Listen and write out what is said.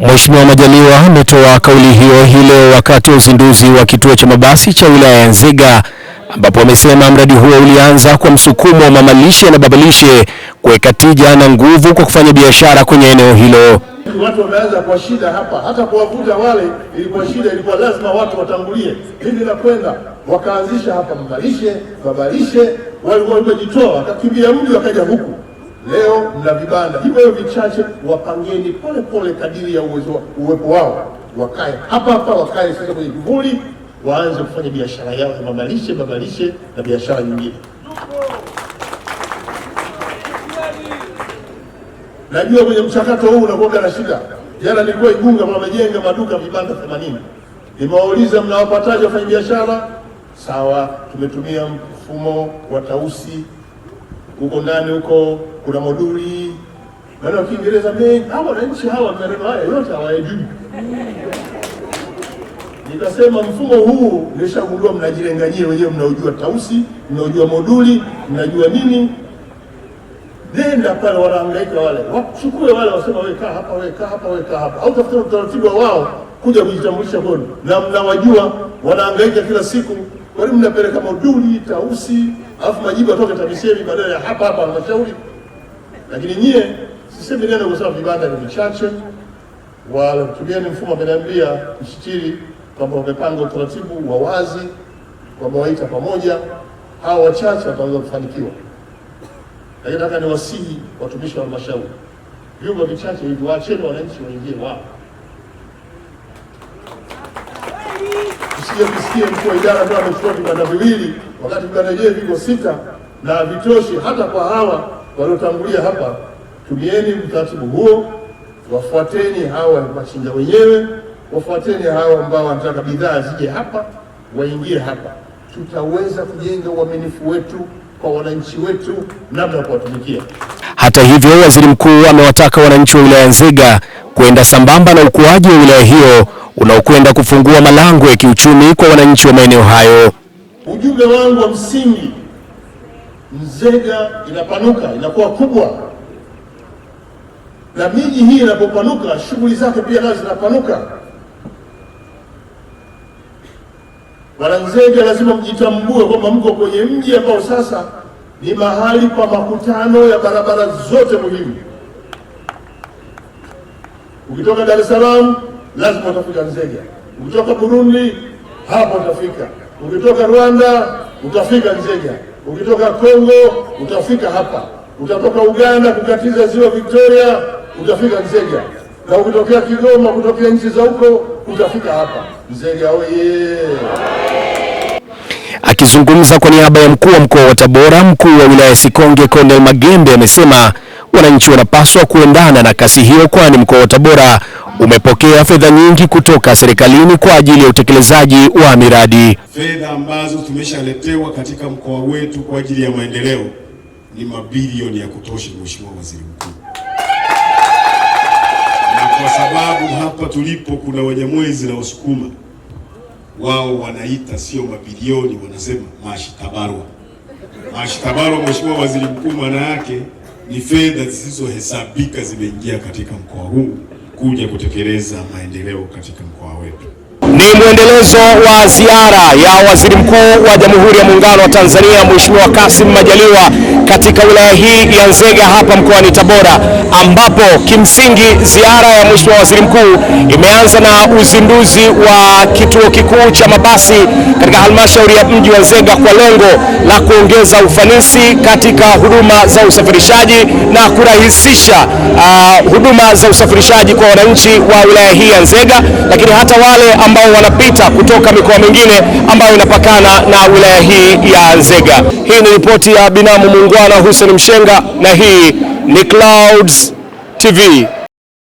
Mheshimiwa Majaliwa ametoa kauli hiyo hii leo wakati wa uzinduzi wa kituo cha mabasi cha wilaya ya Nzega ambapo amesema mradi huo ulianza kwa msukumo wa mamalishe na babalishe kuweka tija na nguvu kwa kufanya biashara kwenye eneo hilo. Watu wameanza kwa shida hapa, hata kuwavuta wale ilikuwa shida, ilikuwa lazima watu watangulie hili la kwenda, wakaanzisha hapa mamalishe, babalishe, wamejitoa, wakakimbia mji wakaja huku Leo mna vibanda hivyo vichache, wapangeni pole pole kadiri ya uwezo uwepo wao, wakae hapa hapa, wakae sasa kwenye kivuli, waanze kufanya biashara yao ya mamalishe mamalishe na biashara nyingine. Najua kwenye mchakato huu unakuwa na shida. Jana nilikuwa Igunga, wamejenga maduka vibanda 80. Nimewauliza, mnawapataje wafanya biashara? Sawa, tumetumia mfumo wa Tausi huko ndani huko kuna moduli maana Kiingereza mengi hawa wananchi hawa maneno haya yote hawayajui. Nikasema mfumo huu nilishagundua, mnajirenganyia wenyewe, mnaojua tausi, mnaojua moduli, mnajua nini. Nenda pale, wanahangaika wale, wachukue wale, wasema wewe kaa hapa, wewe kaa hapa, wewe kaa hapa, au tafuta utaratibu wao kuja kujitambulisha kodi, na mnawajua wanaangaika kila siku, kwani mnapeleka moduli, tausi alafu majibu atoke TAMISEMI badala ya hapa hapa halmashauri. Lakini nyie, sisemi neno kwa sababu vibanda ni vichache, wala tumieni mfumo ameniambia msitiri kwamba wamepanga utaratibu wa wazi, wamewaita pamoja, hawa wachache wataweza kufanikiwa. Lakini nataka niwasihi watumishi wa halmashauri, vyumba vichache hivi waacheni wananchi waingie wao Sija kusikia mkuu wa idara amechukua vibanda viwili wakati vitarejee viko sita na vitoshi hata kwa hawa waliotangulia hapa. Tumieni mtaratibu huo, wafuateni hawa machinja wenyewe, wafuateni hawa ambao wanataka bidhaa zije hapa, waingie hapa. Tutaweza kujenga uaminifu wetu kwa wananchi wetu, namna ya kuwatumikia. Hata hivyo, waziri mkuu amewataka wananchi wa wilaya Nzega kwenda sambamba na ukuaji wa wilaya hiyo unaokwenda kufungua malango ya kiuchumi kwa wananchi wa maeneo hayo. Ujumbe wangu wa msingi, Nzega inapanuka inakuwa kubwa, na miji hii inapopanuka shughuli zake pia nazo zinapanuka. Wana Nzega lazima mjitambue kwamba mko kwenye mji ambao sasa ni mahali pa makutano ya barabara zote muhimu. Ukitoka Dar es Salaam lazima utafika Nzega, ukitoka Burundi hapo utafika. Ukitoka Rwanda utafika Nzega, ukitoka Kongo utafika hapa, utatoka Uganda kukatiza ziwa Victoria utafika Nzega, na ukitokea Kigoma kutokea nchi za huko utafika hapa Nzega. Oye! Akizungumza kwa niaba ya mkuu wa mkoa wa Tabora, mkuu wa wilaya Sikonge Colonel Magembe amesema wananchi wanapaswa kuendana na kasi hiyo, kwani mkoa wa Tabora umepokea fedha nyingi kutoka serikalini kwa ajili ya utekelezaji wa miradi. Fedha ambazo tumeshaletewa katika mkoa wetu kwa ajili ya maendeleo ni mabilioni ya kutosha, Mheshimiwa Waziri Mkuu, na kwa sababu hapa tulipo kuna Wanyamwezi na Wasukuma, wao wanaita sio mabilioni, wanasema mashitabarwa. Mashitabarwa, Mheshimiwa Waziri Mkuu, maana yake ni fedha zisizohesabika zimeingia katika mkoa huu kuja kutekeleza maendeleo katika mkoa wetu. Ni mwendelezo wa ziara ya Waziri Mkuu wa Jamhuri ya Muungano wa Tanzania Mheshimiwa Kassim Majaliwa katika wilaya hii ya Nzega hapa mkoani Tabora, ambapo kimsingi ziara ya Mheshimiwa Waziri Mkuu imeanza na uzinduzi wa kituo kikuu cha mabasi katika halmashauri ya mji wa Nzega kwa lengo la kuongeza ufanisi katika huduma za usafirishaji na kurahisisha uh, huduma za usafirishaji kwa wananchi wa wilaya hii ya Nzega, lakini hata wale ambao wanapita kutoka mikoa mingine ambayo inapakana na wilaya hii ya Nzega. Hii ni ripoti ya binamu muungwana Hussein Mshenga na hii ni Clouds TV.